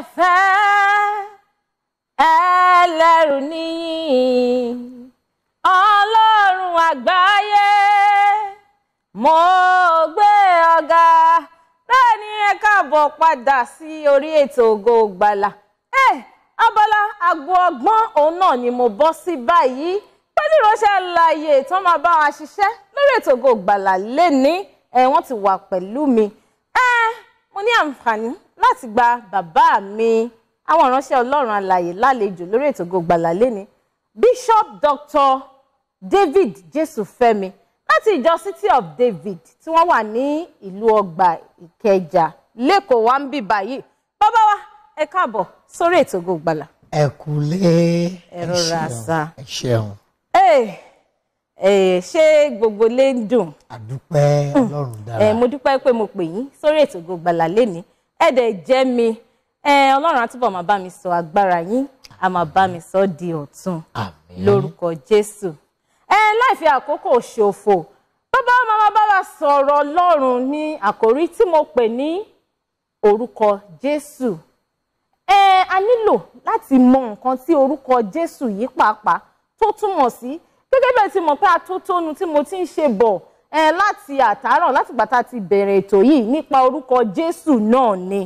ọ̀fẹ́ ẹlẹ́rù níyìn ọlọ́run àgbáyé mo gbé ọ̀gá bẹ́ẹ̀ ni ẹ káàbọ̀ padà sí orí ètò Ògo ẹ eh, abala àgbo ọgbọ́n òun náà ni mo bọ́ sí báyìí pẹ̀lú ìránṣẹ́ láàyè tó máa bá wa ṣiṣẹ́ lórí ètò Ògo Ìgbàlà lẹ́ni ẹ̀ eh, wọ́n ti wà pẹ̀lú mi ẹ eh, mo ní àǹfààní láti gba bàbá mi àwọn ìránṣẹ́ ọlọ́run alàyè lálejò lórí ètò Ògo Ìgbàlà lẹ́ni Bishop Dr. David Jésùfẹ́mi láti ìjọ City of David tí wọ́n wà ní ìlú ọgbà Ìkẹjà lẹ́kọ̀ọ́ wa ń bì báyìí bàbá wa ẹ káàbọ̀ sórí ètò Ògo Ìgbàlà. ẹ kúlé ẹ rọra sá ẹ ṣeun. ṣé gbogbo lè ń dùn. àdúpẹ́ ọlọ́run dára. mo dúpẹ́ pé mo pè yín sórí ètò Ògo lẹ́ni ẹ̀dẹ̀ jẹ́ mi ọlọ́run àtúbọ̀ máa bá mi sọ agbára yín a máa bá mi sọ di ọ̀tun lórúkọ jésù láì fi àkókò ṣòfò bàbá màmá bá wa sọ̀rọ̀ ọlọ́run ní àkòrí tí mo pè ní orúkọ jésù a nílò láti mọ nǹkan tí orúkọ jésù yìí pàápàá tó túmọ̀ sí gẹ́gẹ́ bẹ́ẹ̀ tí mo pé atótónu tí mo ti ń ṣe bọ̀ ẹ láti àtàárọ̀ látìgbà tá a ti bẹ̀rẹ̀ ètò yìí nípa orúkọ Jésù náà ni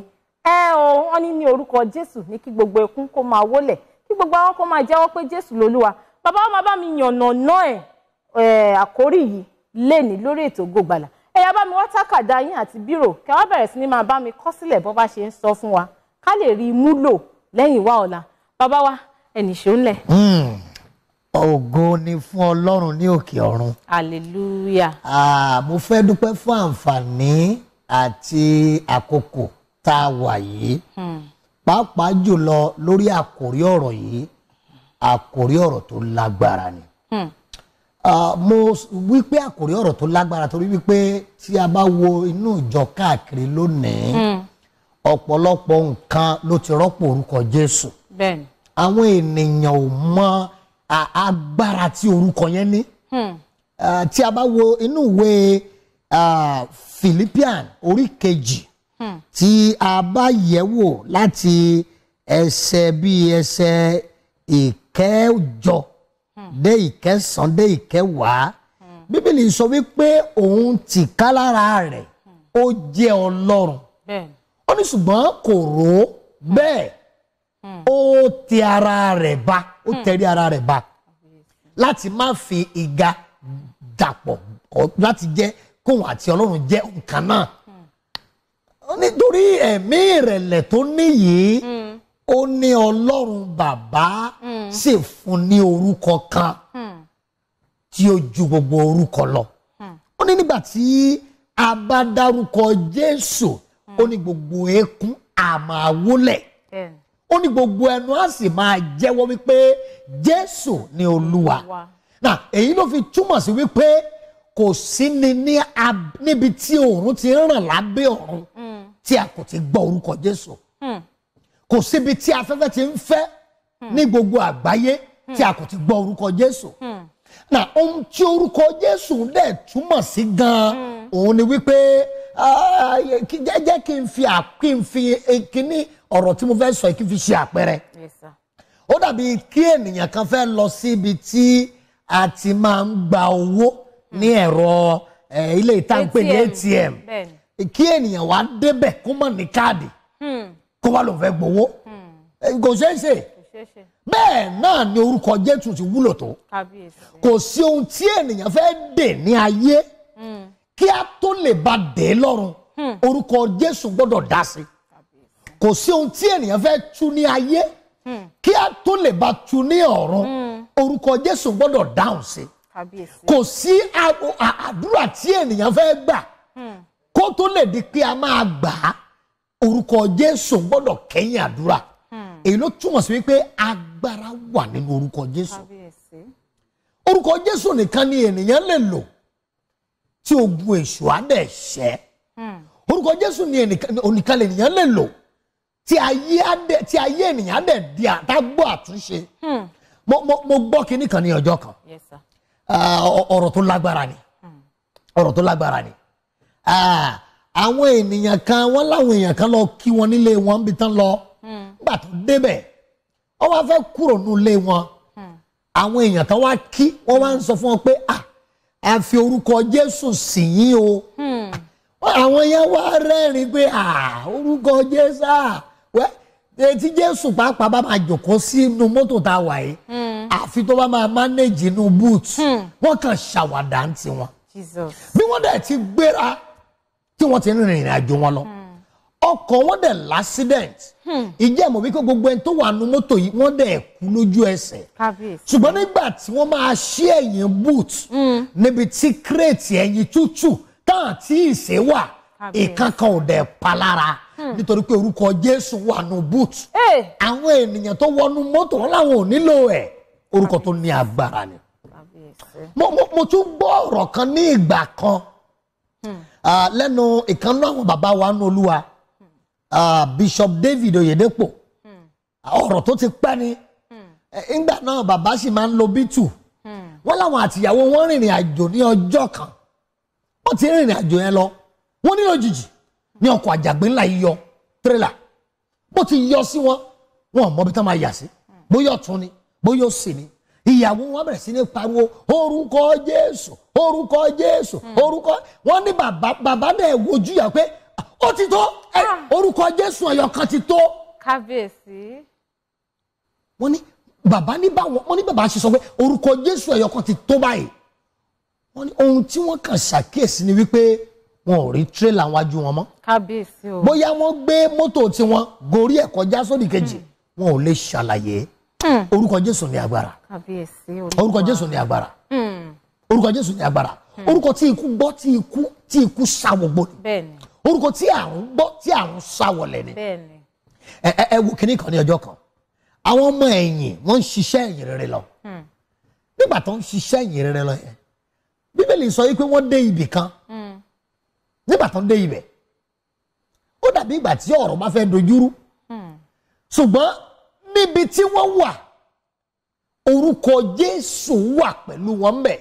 ẹ o wọ́n ní ní orúkọ Jésù ní kí gbogbo ẹkún kó máa wólẹ̀ kí gbogbo àwọn kó máa jẹ́wọ́ pé Jésù lolúwa bàbá wa máa bá mi yànnà ná ẹ àkórí yìí lénìí lórí ètò Ògo Ìgbàlà ẹ yá bá mi wá tákàdá yín àti bírò kẹ wá sí ni máa bá mi kọ sílẹ̀ bó bá ṣe ń sọ fún wa ká lè rí i mú lò lẹ́yìn wá ọ̀la bàbá wa ẹnì ṣó ń lẹ̀. Hmm ògo ni fún ọlọ́run ní òkè ọ̀run. hallelujah. Ah, mo fẹ́ dúpẹ́ fún àǹfààní àti àkókò tá a wà yìí. Hmm. pàápàá jùlọ lórí àkòrí ọ̀rọ̀ yìí àkòrí ọ̀rọ̀ tó lágbára ni. Hmm. Uh, mo wí pé àkòrí ọ̀rọ̀ tó lágbára torí wípé tí a bá wo inú ìjọ káàkiri lónìí hmm. ọ̀pọ̀lọpọ̀ nǹkan ló ti rọ́pò orúkọ Jésù. bẹ́ẹ̀ni. àwọn ènìyàn ò mọ agbára tí orúkọ yẹn ní hmm. tí a bá wo inú ìwé Philippian orí kejì hmm. tí a bá yẹ̀ wò láti ẹsẹ̀ bíi ẹsẹ̀ ìkẹjọ hmm. dé ìkẹsàn dé ìkẹwàá bíbélì sọ wípé òun tìká lára rẹ̀ ó jẹ́ Ọlọ́run ó ní ṣùgbọ́n kò rò ó ó ti ara rẹ̀ ba. Hmm ó hmm. tẹrí ara rẹ̀ ba láti má fi ìga dàpọ̀ láti jẹ́ kóun àti ọlọ́run jẹ́ nǹkan náà hmm. nítorí ẹ̀mí ìrẹ̀lẹ̀ tó níyìí hmm. ó ní ọlọ́run bàbá sì fún ní orúkọ kan tí ó ju gbogbo orúkọ lọ ó ní nígbà tí a bá dárúkọ jésù ó ní gbogbo eékún àmàwólẹ̀ ó ní gbogbo ẹnu á sì máa jẹ́wọ́ wípé jésù ni olúwa náà èyí ló fi túmọ̀ sí wípé kò sí ni níbi tí oòrùn ti ń ràn lábẹ́ ọ̀run hmm. tí a kò ti gbọ́ orúkọ jésù hmm. kò síbi tí afẹ́fẹ́ ti ń fẹ́ hmm. ní gbogbo àgbáyé tí a kò ti gbọ́ orúkọ jésù náà ohun tí orúkọ jésù dẹ̀ túmọ̀ sí gan-an òun ni wípé. Ah, jẹ́ kí n fi kí n fi eh, kíní ọ̀rọ̀ tí mo fẹ́ sọ kí n fi ṣe àpẹẹrẹ. ó dàbí kí ènìyàn kan fẹ́ lọ síbi tí a ti máa ń gba owó ní hmm. ẹ̀rọ eh, ilé ìtànpé ní ATM kí ènìyàn wá débẹ̀ kó mọ̀ ní káàdì hmm. kó wá lòun fẹ́ gbowó hmm. eh, kò ṣeé ṣe bẹ́ẹ̀ náà ni orúkọ Jésù ti wúlò tó kò sí ohun tí ènìyàn fẹ́ dè ní ayé kí a tó lè ba dé lọ́rùn hmm. orúkọ Jésù gbọ́dọ̀ dá sí kò sí ohun tí ènìyàn fẹ́ tú ní ayé hmm. kí a tó lè ba tú ní ọ̀run hmm. orúkọ Jésù gbọ́dọ̀ dáhùn sí kò sí àdúrà tí ènìyàn fẹ́ gbà kó tó lè di pé a máa gbà á orúkọ Jésù gbọ́dọ̀ kẹ́yìn àdúrà èyí ló túmọ̀ sí wípé agbára wà nínú orúkọ Jésù orúkọ Jésù nìkan ni ènìyàn lè lò tí ogun èṣù á dẹ̀ ṣẹ́ hmm. orúkọ jésù ni ònìkan ènìyàn lè lò tí ayé ènìyàn á dẹ̀ di àtàgbọ́ àtúnṣe hmm. mo gbọ́ kinní kan ní ọjọ́ kan ọ̀rọ̀ tó lágbára ni hmm. ọ̀rọ̀ tó lágbára ni àwọn ènìyàn kan wọ́n láwọn èèyàn kan lọ kí wọn nílé wọn níbi tán lọ nígbà tó débẹ̀ wọ́n wá fẹ́ kúrò nílé wọn àwọn èèyàn kan wá kí wọ́n wá ń sọ fún wọn pé ah a fi orúkọ Jésù sí yín o hmm. àwọn yẹn wá rẹ́rìn-ín pé orúkọ Jésù wẹ́ etí Jésù pàápàá bá máa jòkó sínú mọ́tò tá a wà yìí hmm. àfi tó bá máa mánéjì inú boot hmm. wọ́n kàn ṣàwàdà ń tiwọn bí wọ́n dẹ̀ ti gbéra tí wọ́n ti rìnrìn àjò wọn lọ. Hmm ọkọ̀ wọn dẹ̀ l'accident hmm. ìjẹ́ mọ̀ wípé gbogbo ẹni tó wà nù mọ́tò yìí wọ́n dẹ̀ kú lójú ẹsẹ̀ ṣùgbọ́n nígbà tí wọ́n máa ṣí ẹ̀yìn boot hmm. níbi tí kírètì ẹ̀yìn tútù tán àti ìṣe wà ìkankan ò dẹ̀ pa lára hmm. nítorí pé orúkọ Jésù wà nù boot eh. àwọn ènìyàn tó wọnú mọ́tò wọn làwọn ò nílò ẹ̀ orúkọ tó ní agbára ni mo tún gbọ́ ọ̀rọ̀ kan ní ìgbà kan ah, lẹ́nu ìkànnú àwọn bàbá wa nù Olúwa. Ah, Bishop David Oyedepo hmm. ọ̀rọ̀ tó ti pẹ́ ni hmm. eh, ńgbà náà bàbá sì máa ń lo bítù hmm. wọ́n láwọn àtìyàwó wọn rìnrìn àjò ní ọjọ́ kan wọ́n ti rìnrìn àjò yẹn lọ wọ́n ní òjijì ní ọkọ̀ àjàgbé ńlá yìí yọ tírélà bó ti yọ sí wọn wọn ò mọbi tán máa yà sí bóyá ọ̀tún ni bóyá òsì ni ìyàwó wọn bẹ̀rẹ̀ sí ní pariwo orúkọ Jésù orúkọ Jésù orúkọ wọn ní bàbá bàbá dẹ̀ wojú yà pé ó ti tó orúkọ jésù ẹyọ kan ti tó. kábíyèsí. wọ́n ní bàbá ní báwọn wọ́n ní bàbá ṣe sọ pé orúkọ jésù ẹyọ kan ti tó báyìí wọ́n ní ohun tí wọ́n kàn ṣàkíyèsí ni wípé wọn ò rí tírélà wájú wọn mọ́. kábíyèsí o. bóyá wọ́n gbé mọ́tò tiwọn gorí ẹ̀ kọjá sódì kejì hmm. wọn ò lè ṣàlàyé hmm. orúkọ jésù ní agbára kábíyèsí orúkọ jésù ní agbára hmm. orúkọ jésù ní agbára orúkọ tí ikú orúkọ tí à ń gbọ́ tí à ń sá wọlé ni ẹ ẹ wo kinní kan ní ọjọ́ kan àwọn ọmọ ẹ̀yìn wọ́n ń ṣiṣẹ́ ẹ̀yìn rere lọ hmm. nígbà tó ń ṣiṣẹ́ ẹ̀yìn rere lọ yẹn bíbélì sọ yìí pé wọ́n dé ibì kan hmm. nígbà tó ń dé ibẹ̀ ó dàbí ìgbà tí ọ̀rọ̀ bá fẹ́ dojúrú hmm. ṣùgbọ́n níbi tí wọ́n wà orúkọ Jésù wà pẹ̀lú wọn bẹ̀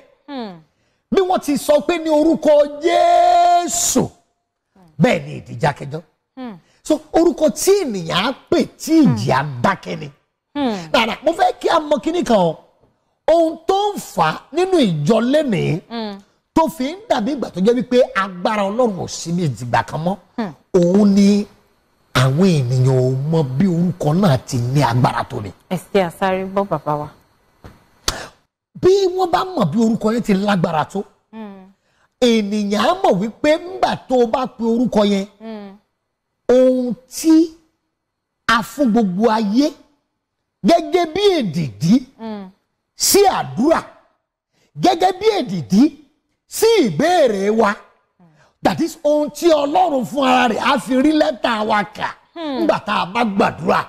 bí wọ́n ti sọ pé ní orúkọ Jésù bẹ́ẹ̀ ni ìdíjà kẹjọ. Hmm. so orúkọ tí ènìyàn á pè tí hmm. ìjì á dákẹ́ ni. dàdà hmm. mo fẹ́ kí a mọ kíní kan o ohun tó ń fà á nínú ìjọ lẹ́nìí tó fi ń dàbí ìgbà tó jẹ́ wípé agbára ọlọ́run ò sí ní ìdìgbà kan mọ́ òun ni àwọn ènìyàn ò mọ bí orúkọ náà ti ní agbára tó ni. ẹsẹ̀ àsáré gbọ́ bàbá wa. bí wọ́n bá mọ̀ bí orúkọ yẹn ti lágbára tó ènìyàn á mọ̀ wípé ńgbà tó o bá pe orúkọ yẹn ohun tí a fún gbogbo ayé gẹ́gẹ́ bí èdìdí sí àdúrà gẹ́gẹ́ bí èdìdí sí ìbéèrè wa that is ohun tí ọlọ́run fún ara rẹ̀ á fi rí lẹ́tà wa kà nígbà tá a bá gbàdúrà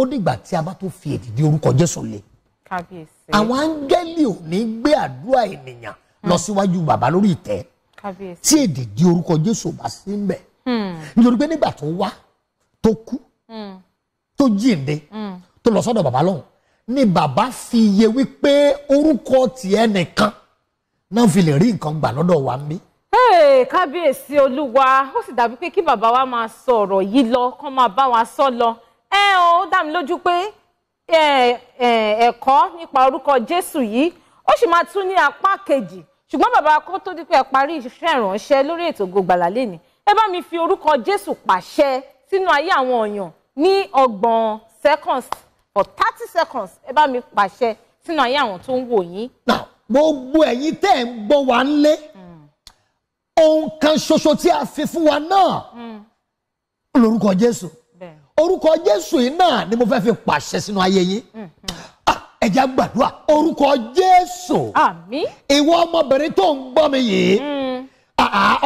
ó dìgbà tí a bá tó fi èdìdí orúkọ Jésù lé àwọn áńgẹ́lì ò ní gbé àdúrà ènìyàn lọ síwájú bàbá lórí ìtẹ́ tí èdè di orúkọ Jésù bá sí ń bẹ hmm. nítorí pé nígbà tó wá tó kú hmm. tó jíǹde hmm. tó lọ sọ́dọ̀ bàbá lọ́hùn ni bàbá fi yé wípé orúkọ tiẹ̀ nìkan náà fi lè rí nǹkan gbà lọ́dọ̀ wa ń bí kábíyèsí olúwa ó sì dàbí pé kí bàbá wa máa sọ ọ̀rọ̀ yìí lọ kán máa bá wa sọ lọ ẹ ó dá mi lójú pé ẹ̀kọ́ nípa orúkọ jésù yìí ó sì máa tún ní apá kejì ṣùgbọ́n bàbá kó tó di pé ẹ parí iṣẹ́ ìránṣẹ́ lórí ètò Ògo Ìgbàlà lẹ́ni ẹ bá mi fi orúkọ Jésù pàṣẹ sínú ayé àwọn èèyàn ní ọgbọ̀n seconds for thirty seconds ẹ bá mi pàṣẹ sínú ayé àwọn tó ń wò yín. gbogbo ẹ̀yin tẹ́ ẹ̀ ń gbọ́ wa ń lé ohun kan ṣoṣo tí a fi fún wa náà lórúkọ Jésù orúkọ Jésù yìí náà ni mo fẹ́ fi pàṣẹ sínú ayé yín. Mm-hmm ẹja gbàdúrà orúkọ jésù àmín ìwọ ọmọbìnrin tó ń gbọ́ mi yìí hmm.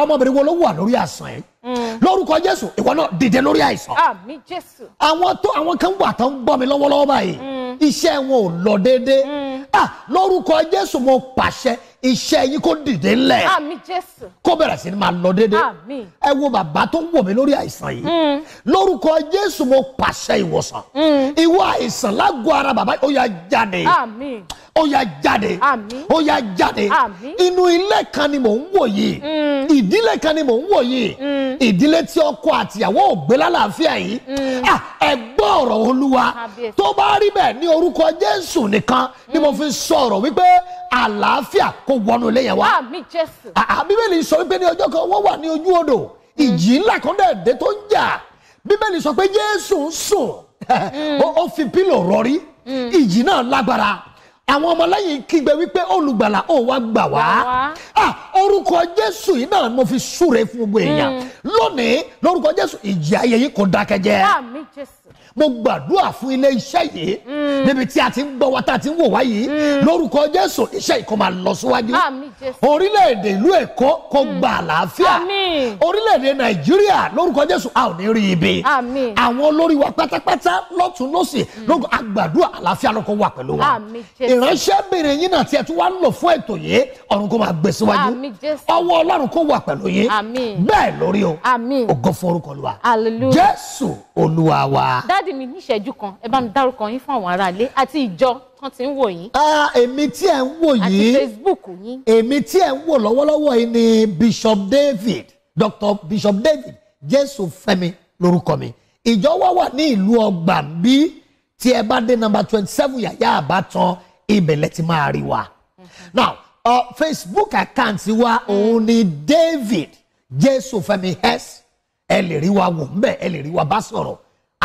ọmọbìnrin wo ló wà lórí àìsàn yìí hmm. lórúkọ jésù ìwọ náà dìde lórí àìsàn àmín jésù àwọn tó àwọn kan wà tó ń gbọ́ mi lọ́wọ́lọ́wọ́ báyìí hmm. iṣẹ́ wọn ò lọ déédéé ah, lórúkọ jésù mo pàṣẹ iṣẹ́ yín kó dìde ńlẹ̀ kó bẹ̀rẹ̀ sí ni máa lọ déédéé ẹ wo bàbá tó ń wò mí lórí àìsàn yìí hmm. lórúkọ Jésù mo pàṣẹ ìwòsàn hmm. ìwọ àìsàn lágọ̀ọ́ ara bàbá ó yá jáde ó yá jáde ó yá jáde inú ilé kan ni mò ń wò yìí hmm. ìdílé kan ni mò ń wò yìí ìdílé tí ọkọ àtìyàwó ò gbé lálàáfíà yìí ah, ẹ gbọ́ ọ̀rọ̀ Olúwa tó bá rí bẹ́ẹ̀ ní orúkọ Jésù nìkan ni mo fi sọ̀rọ̀ wípé àlàáfíà kó wọnú ilé yẹn wá. àmì jésù. bíbélì sọ wípé ní ọjọ́ kan wọ́n wà ní ojú odò ìjì ńlá kan dẹ̀ dé tó ń jà bíbélì sọ pé jésù ń sùn mm. ó fi pílò rọrí mm. ìjì náà lágbára àwọn ọmọlẹ́yìn kígbe wípé olùgbàlà ò wá gbà wá orúkọ jésù yìí náà mo fi súre fún gbogbo èèyàn mm. lónìí lórúkọ jésù ìjì ayé yìí kò dákẹ́jẹ́. àmì jésù mo gbàdúrà fún ilé iṣẹ́ yìí mm. níbi tí a ti ń gbọ́ wa tá a ti ń wò wá yìí mm. lórúkọ Jésù iṣẹ́ yìí kó máa lọ síwájú orílẹ̀-èdè ìlú Èkó kó mm. gba àlàáfíà orílẹ̀-èdè Nàìjíríà lórúkọ Jésù a ò ní rí ibi àwọn olórí wa pátápátá lọ́tún lọ́sì lórúkọ àgbàdúrà àlàáfíà lọ́kọ̀ wà pẹ̀lú wa ìránṣẹ́bìnrin yín náà tí ẹ lò fún ètò yìí ọ̀run kó máa gbé síwájú ọwọ́ Ọlọ́run kó wà pẹ̀lú yín bẹ́ẹ̀ lórí o ògo fún orúkọ Olúwa Jésù Olúwa wa dáàdi mi níṣẹ́jú kan ẹ bá mi dárúkọ yín fún àwọn aráalé àti ìjọ kan tí ń wò yín. èmi tí ẹ̀ ń wò yìí àti Facebook yín. èmi tí ẹ̀ ń wò lọ́wọ́lọ́wọ́ yìí ni Bishop David Dr. Bishop David Jésù Fẹ́mi lórúkọ mi ìjọ wa wà ní ìlú ọgbà bí tí ẹ bá dé number twenty seven yàyà àbátan ìbẹ̀lẹ̀ ti máa rí wa. now uh, Facebook account wa òun ni David Jésù Fẹ́mi hess ẹ lè rí wa wò ń bẹ ẹ lè rí wa bá sọ̀rọ̀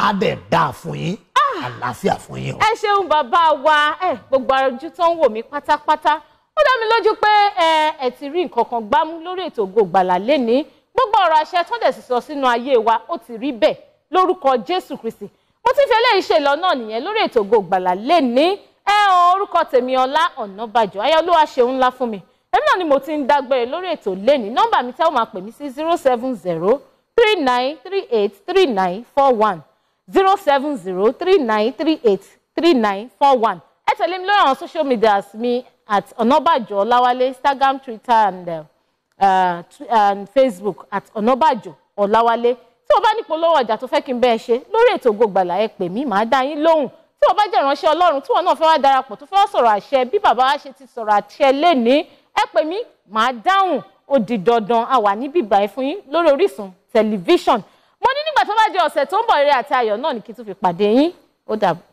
á dẹ̀ dáa fún yín ah! àlàáfíà fún yín o. ẹ ṣeun bàbá wa ẹ gbogbo ojú tó ń wò mí pátápátá ó dá mi lójú pé ẹ ẹ ti rí nǹkan kan gbámú lórí ètò Ògo Ìgbàlà lénìí gbogbo ọ̀rọ̀ àṣẹ tó dẹ̀ sì sọ sínú ayé wa ó ti rí bẹ́ẹ̀ lórúkọ Jésù Kristi mo ti fi eléyìí ṣe lọ náà nìyẹn lórí ètò Ògo Ìgbàlà lénìí ẹ orúkọ tèmi Ọlá Ọ̀nàbàjọ ayọ̀lúwa ṣeun ńlá fún mi èmi náà ni mo ti ń dágbére lórí ètò lénìí nọ́mbà mi tẹ́ máa pè mí sí zero seven zero three nine three eight three nine four one zero seven zero three nine three eight three nine four one ẹ tẹ̀lé mi lórí àwọn social medias mi at Ọ̀nàbàjọ́ Ọláwálé Instagram Twitter and, uh, uh, and Facebook at Ọ̀nàbàjọ́ Ọláwálé tí o bá ní polówó ọjà tó fẹ́ kí n bẹ́ẹ̀ ṣe lórí ètò Ògo Ìgbàlà ẹ pè mí màá dá yín lóhùn tí o bá jẹ́ ìránṣẹ́ Ọlọ́run tí wọn náà fẹ́ wá darapọ̀ tó fẹ́ sọ̀rọ̀ àṣẹ bí bàbá wa ṣe ti sọ̀rọ̀ àṣẹ lénìí ẹ pè mí màá dáhùn ó dandan a wà níbí báyìí fún yín lórí Orísun tẹlifíṣàn nígbà tó bá di ọ̀sẹ̀ tó ń bọ̀ eré àti ayọ̀ náà ni kí n tún fi pàdé yín ó dàbọ̀.